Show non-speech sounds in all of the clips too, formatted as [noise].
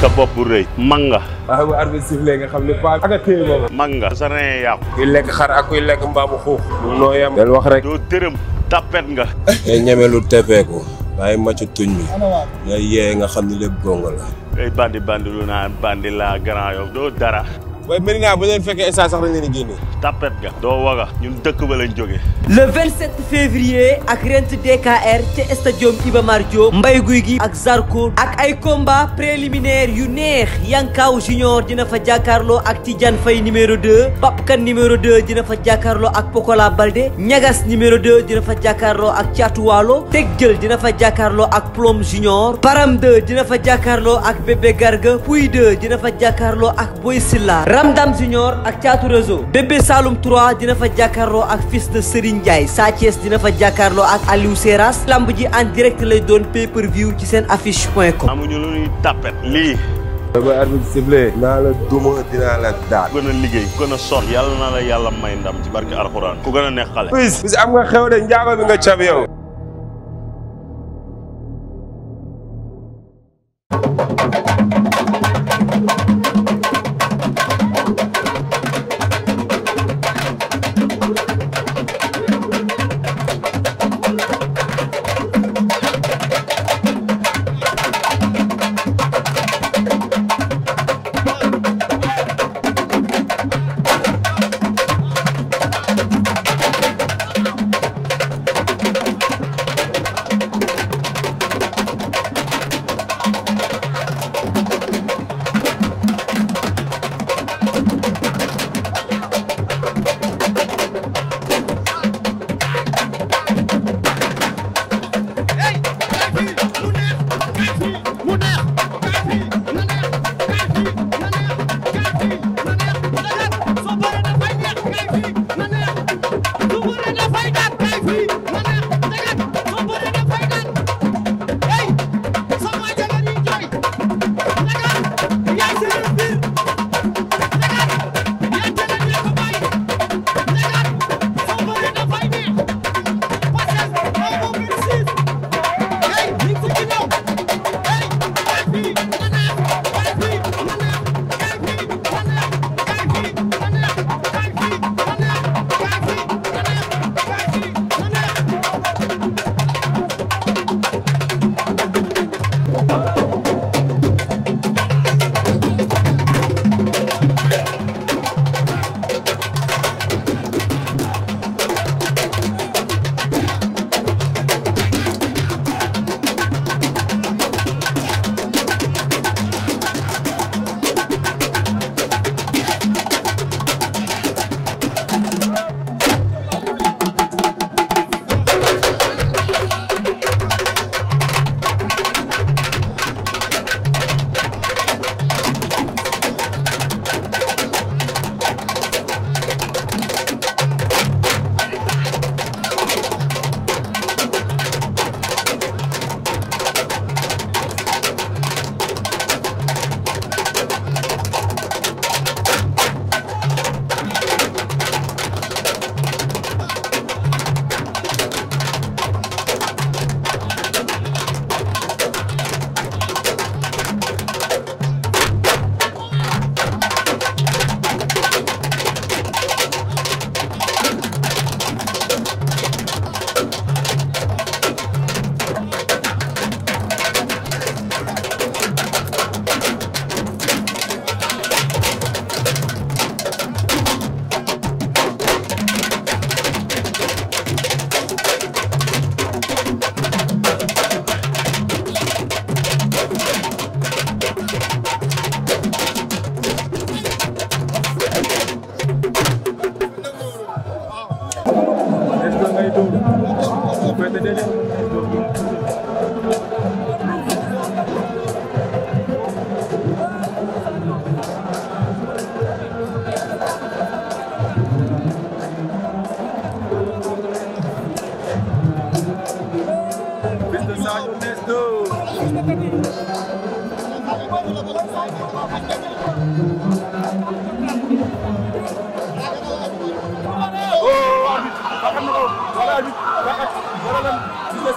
sa bopp bu rëy. mag nga. waaw bu arbitre sifflé nga xam ne paa ak a téye mag nga. sa reen yàqu. kuy lekk xar ak kuy lekk mbaamu xuux. Mm. noo yem. del wax rek. doo dërëm tapet nga. [laughs] ngay ñeme lu tepeeku. waaye macc tuñ bi. ngay yee nga xam ne lépp gongo la. ngay bandi bandi lu naan bandi laa grand yow doo dara. waaye Medina bu leen fekkee instant sax dañ leen di génne. tapet ga doo waga ñun dëkk ba lañ jógee. le 27 février ak rent DKR ca stadium Iba Mar Diop. Mbaye Gouy Gui ak Zarko. ak ay combat préliminaire yu neex Yankaaw Junior dina fa jàkkaarloo ak Tidiane fay numéro 2. Babkan numéro 2 dina fa jàkkaarloo ak Pokola Balde. Ñagas numéro 2 dina fa jàkkaarloo ak Thiatou teg jël dina fa jàkkaarloo ak Plom Junior. Param 2 dina fa jàkkaarloo ak Bébé Garga. Pouy de dina fa jàkkaarloo ak Boy Silla. Ramdam Junior ak Caatu Réseau bébé Saloum 3 dina fa jàkkaarloo ak fils de Serigne Ndiaye Sa Thiès dina fa jàkkaarloo ak Aliou Seras lamb ji en direct lay doon pay ci seen affiche point com. amuñu lu ñuy tàppet lii. ba arbitre sifflé la duma dinaa la daal gën a liggéey gën a son yàlla naa la yàlla may ndam ci barke alxuraan ku gën a neex am nga xew de njaaba bi nga cab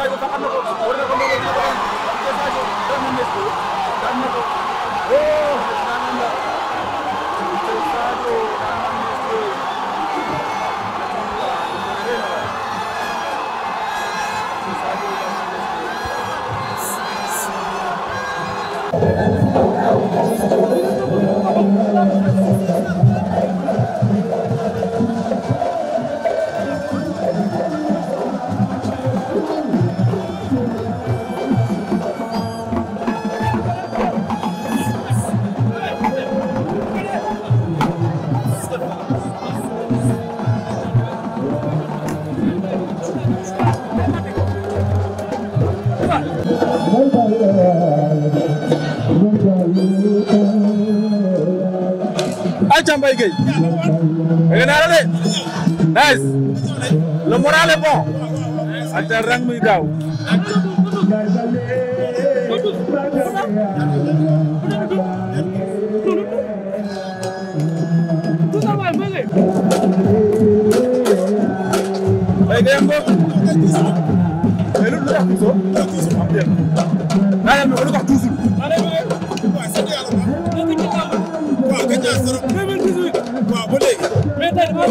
Sadio Ka am na ko Ndiaye bëgg naa la de nice le moral est bon ante rang muy gaaw bay dem bo mais lu tax toujours am dem naa leen mais lu tax toujours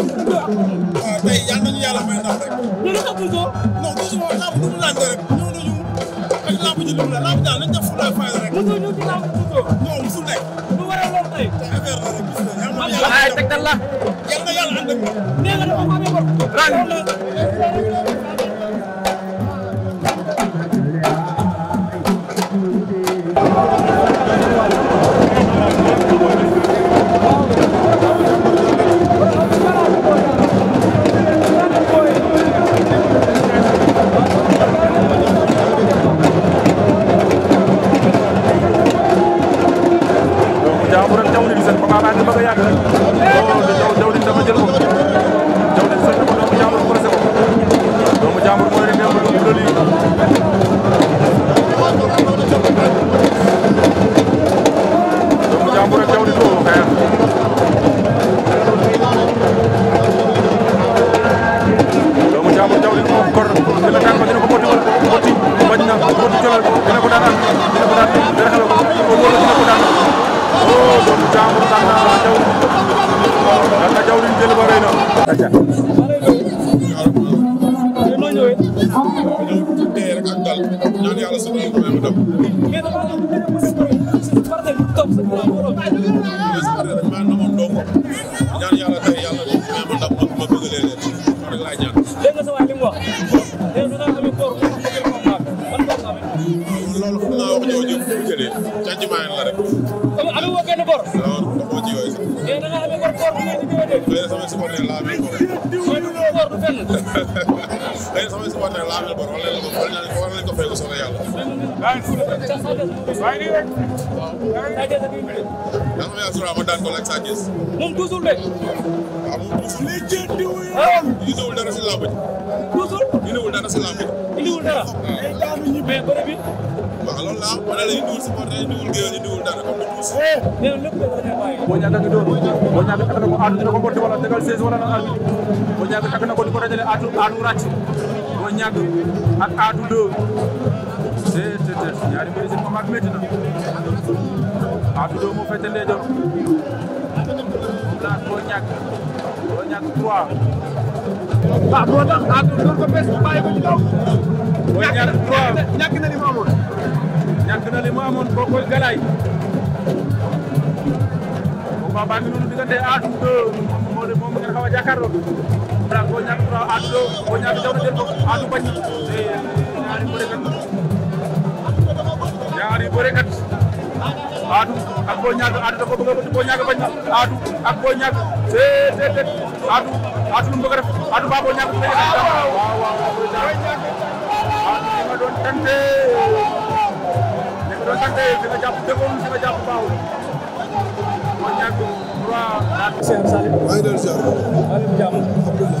waaw ah, tey yal nañu yàlla may ndam rek. loolu xamul ko. non bu ñu làmb du mu lante rek ñëw nañu ak làmb ji lu mu la làmb daal nañu def fulla fayda rek. mosoo ñëw ci làmb mosoo. non mosul nekk. lu waral loolu tey. te affaire la rek gis nga yal na yàlla. waaye tegtal la. yal na yàlla ànd ak moom. nee nga dafa amee bor. rawatina ndox ci yooyu sax. mais da ngaa amee kon koor bi nga ci diggante. léegi sama supporter laa amee koor. ay sama supporter laa amee bor wala la ko wala ko war nañ ko fay ko soxla yàlla. waaye nii rek. waaw. yaa ngi ma daan ko ak Sa Thiès. moom toujours rek. waaw moom toujours lay jëndi wu. indiwul dara si làmb ji. toujours. indiwul dara si làmb ji. indiwul dara. ay daanu ñu mais bëri bi. waaw loolu laa ma ne la indiwul supporter indiwul géej indiwul dara comme ni tuuti. mais lépp da nga bàyyi. boo ñàkk a ngi doon boo ñàkk a takk na ko aatu dina ko mbott wala tegal 16 wala na arbitre boo ñàkk a takk na ko di ko dajale aatu aatu ràcc Dafa ñàkk ak Aadu Deux te te te ñaari mbir seen combat métti na Aadu Deux moo féete ndeyjoor la boo ñàkk boo ñàkk trois waaw ah, moo tax Aadu Deux ko bés bàyyi ko ci kaw boo ñàkk trois ñàkk na li mu amoon ñàkk na li mu amoon boo koy galaay combat baa ngi noonu diggante Aadu Deux moom moo de moom jàkkaarloo Franc Boy Niang 3 Atou Lo Boy Niang bi daw na jël ko Atou bañ ñaari bërekat ñaari bërekat Atou ak Boy Niang Atou da ko bëgg a Boy Niang bañ na Atou ak Boy Niang déet déet déet Atou Atou lu mu bëgg a def Atou ba Boy Niang waaw waaw Atou li nga doon tante li nga doon tante fi nga jàpp dëggoon fi nga jàpp baaw Boy Niang waaw. sëñ Salim. maa ngi doon ziar. Aliou Diallo. Abdoulaye.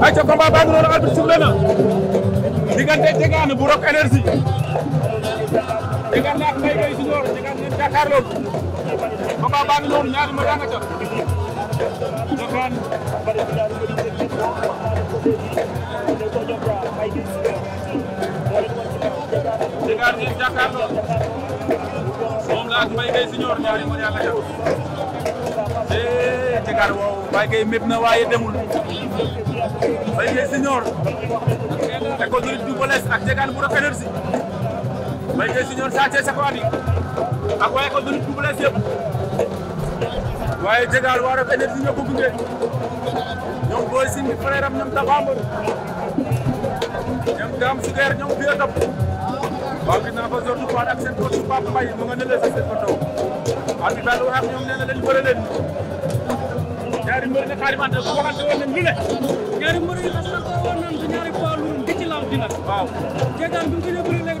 ay ca combat baa ngi noonu arbitre sifflé na diggante Diegane bu Rock Énergie diggante ak Mbaye Gueye Junior diggante jàkkaarloo combat baa ngi noonu ñaari ma daanaka jokaan diggante jàkkaarloo moom la ak Mbaye Gueye Junior ñaari ma daanaka ee tegaar woow Mbaye Gueye méb na waaye demul Mbaye Gueye Junior te ko jurit du boles ak jegaan bu rafet si Mbaye Gueye Junior Sa Thiès ko ak waaye ko dund Double Less yëpp waaye Diegane waa Rock Énergie ñoo ko gunge ñoom Boy Sine frère am ñoom Tapha Mbeur ñoom Dame Suger ñoom Vieux Top waaw gis naa ko Zordu ak seen coach Pape Mbaye mu nga ne la seen coach waaw bi daal wax ñoom nee na dañu bëre ñaari mbër ne xaari man ko waxante woon nañ lu ñaari mbër yi xas na ko woon nañ ñaari poids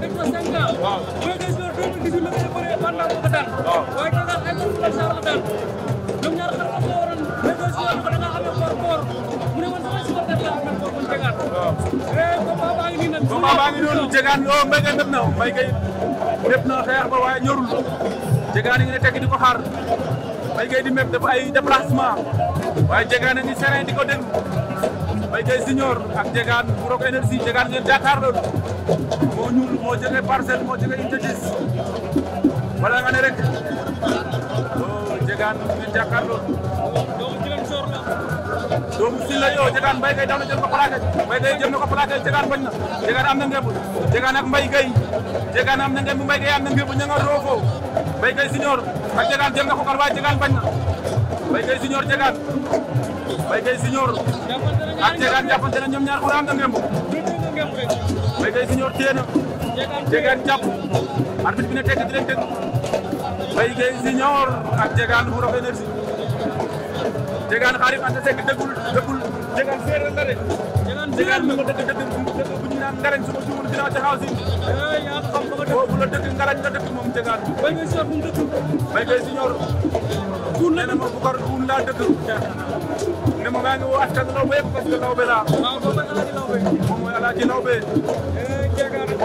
waaye Dakar nga ko waroon da ngaa amee koor koor mu ne man sama supporter laa man koor bu jegaat. waaw eh combat baa ngi nii nag. combat na xeex ba waaye ñorul jegaat ngi ne tekki di ko xaar. mbéy kay di méb def ay déplacement waaye jegaat a ngi serein di ko déglu. Mbaye Gueye Junior ak Diegane Rock Énergie Diegane ngeen jàkkaarloo moo ñuul moo jógee parcelle moo jógee unité 10 wala nga ne rek oh Diegane ngeen jàkkaarloo doomu si la yoo Diegane Mbaye Gueye daw na jël bañ na Diegane am na ngémb Diegane ak Mbaye Gueye am na ngémb Mbaye am na ngémb ña nga roofoo Mbaye Gueye Junior ak Diegane jël na ko kar waaye bañ na Mbaye Gueye Junior Mbaye Gueye Junior ak Diegane jàppante na ñoom ñaar Ourang nga ngemb Mbaye Gueye Junior téye na Diegane jàpp arbitre bi ne tekk di leen ak Diegane bu Rock Énergie Diegane xarit ante sekk dëggul dëggul Diegane séeréer jigéen la dëkk dëkk bu ñu naan ngarañ su ma jiwoon dinaa jaxaw si. Eh, yaa xam fa nga dëkk boobu la dëkk ngarañ la dëkk moom jegaan. bay ngay si ñor. tuun la ma bu kor laa dëkk. ne ma maa ngi woo askan lawbe yëpp parce que lawbe laa. waaw moom mooy alaaji lawbe. moom mooy alaaji lawbe. boo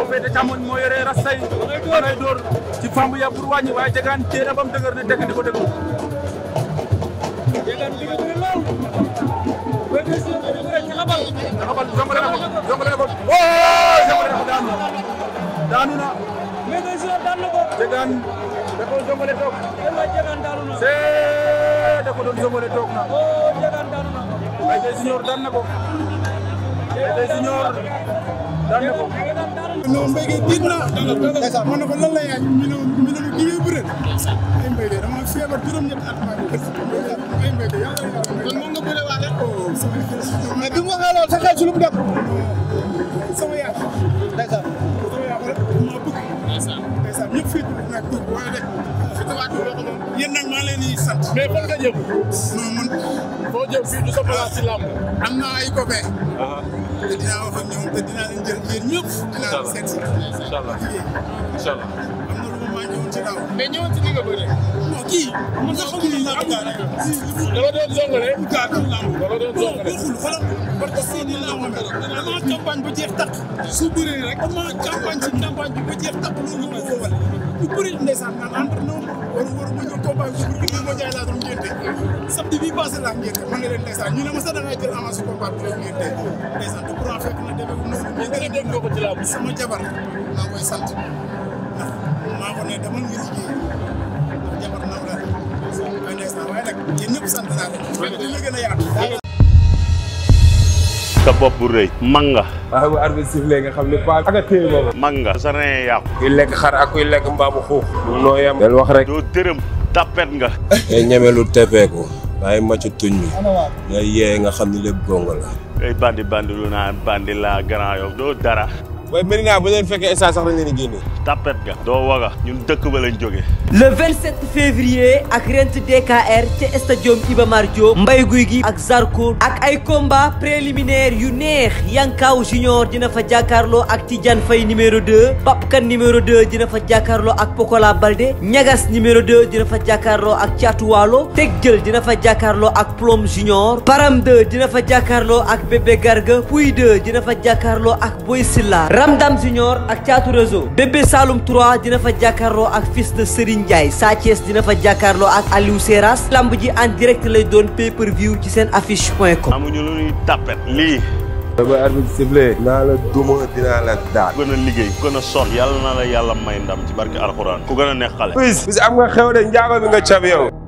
eh, fee te càmmoñ moo yore rastay. ma ngay door ci fàmb ya pour wàññi waaye jegaan téere ba mu dëgër ne tekk di ko déglu. daanu na. mais daan na ko. Diegane da koo jongale toog. aywa Diegane daanu na. see da ko doon jongale toog na. oo Diegane na. Mbaye Dieye Junior daan na ko. Mbaye Dieye non mbéy mi tiit naa. ma ne ko lan la yaay ñu ne ñu ne ñu ngi bëre. ay mbéy de dama feebar juróom-ñetti at maa ngi ay mbéy de yàlla yàlla. moom nga bëre waale. Oh, mais bi mu waxee loolu sa xel si lu mu def. sama yaay. ndeysaan. sama yaay wala maa bëgg. ndeysaan ndeysaan ñëpp fii nag waaye de. yéen nag maa leen di sant. mais fan nga jëm. non man. foo jëm fii du sa place ci làmb. am na ay copains. te dinaa wax ak ñoom te dinaa leen jël yéen ñëpp. incha allah dinaa seet si. incha allah incha allah. am na lu ma maa ñëwoon ci làmb. mais ñëwoon ci li nga bëri. non kii. mun naa xamul naa ko daal dama doon zongale. daa doon làmb dama doon zongale. non xoolal parce que seen i làmb bi amaa campagne ba jeex takk. su bëree rek amaa campagne ci campagne bi ba jeex takk loolu la ma wowal. bu bëri ndeysaan naan entre nous waru waru ma ñëw combat bi bu bëri ma jaay laa doon dépassé sa bopp bu rëy mag nga waaw bu arbitre sifflé xam ne paa a téye boobu mag nga sa ree yàqu kuy lekk xar ak kuy lekk mbaamu xuux noo yem del wax rek doo dërëm tapet nga te [laughs] lu tepeeku waaye macc tuñ bi nga yeeye nga xam ne lépp gongo la ay bandi bandi lu naan bandi laa Grand Yoff doo dara waaye Médina bu leen fekkee instant sax dañ leen di génne. tapet ga doo waga ñun dëkk ba lañ jógee. le 27 février ak Rent DKR ca stadium Iba Mar Diop. Mbaye Guy gi ak Zarko. ak ay combat préliminaire yu neex Yankaaw Junior dina fa jàkkaarloo ak Tidiane fay numéro deux Papkan numéro 2 dina fa jàkkaarloo ak Pokola Balde. Ñagas numéro deux dina fa jàkkaarloo ak Thiatou Walo. Tek Jël dina fa jàkkaarloo ak Plom Junior. Param 2 dina fa jàkkaarloo ak Bébé Garga. Pouy 2 dina fa jàkkaarloo ak Boy Ramdam Junior ak Thiatou Réseau bébé Saloum 3 dina jàkkaarloo ak fils de Serigne Ndiaye Sa Thiès jàkkaarloo ak Aliou Seras lamb ji en direct lay doon pay ci seen affiche point com. amuñu lu ñuy tàppet lii. ba arbitre sifflé naa la duma dinaa la daal gën a liggéey gën a son yàlla na la yàlla may ndam ci barke alxuraan ku gën a neex xale bis am nga xew de njaaba bi nga cab yow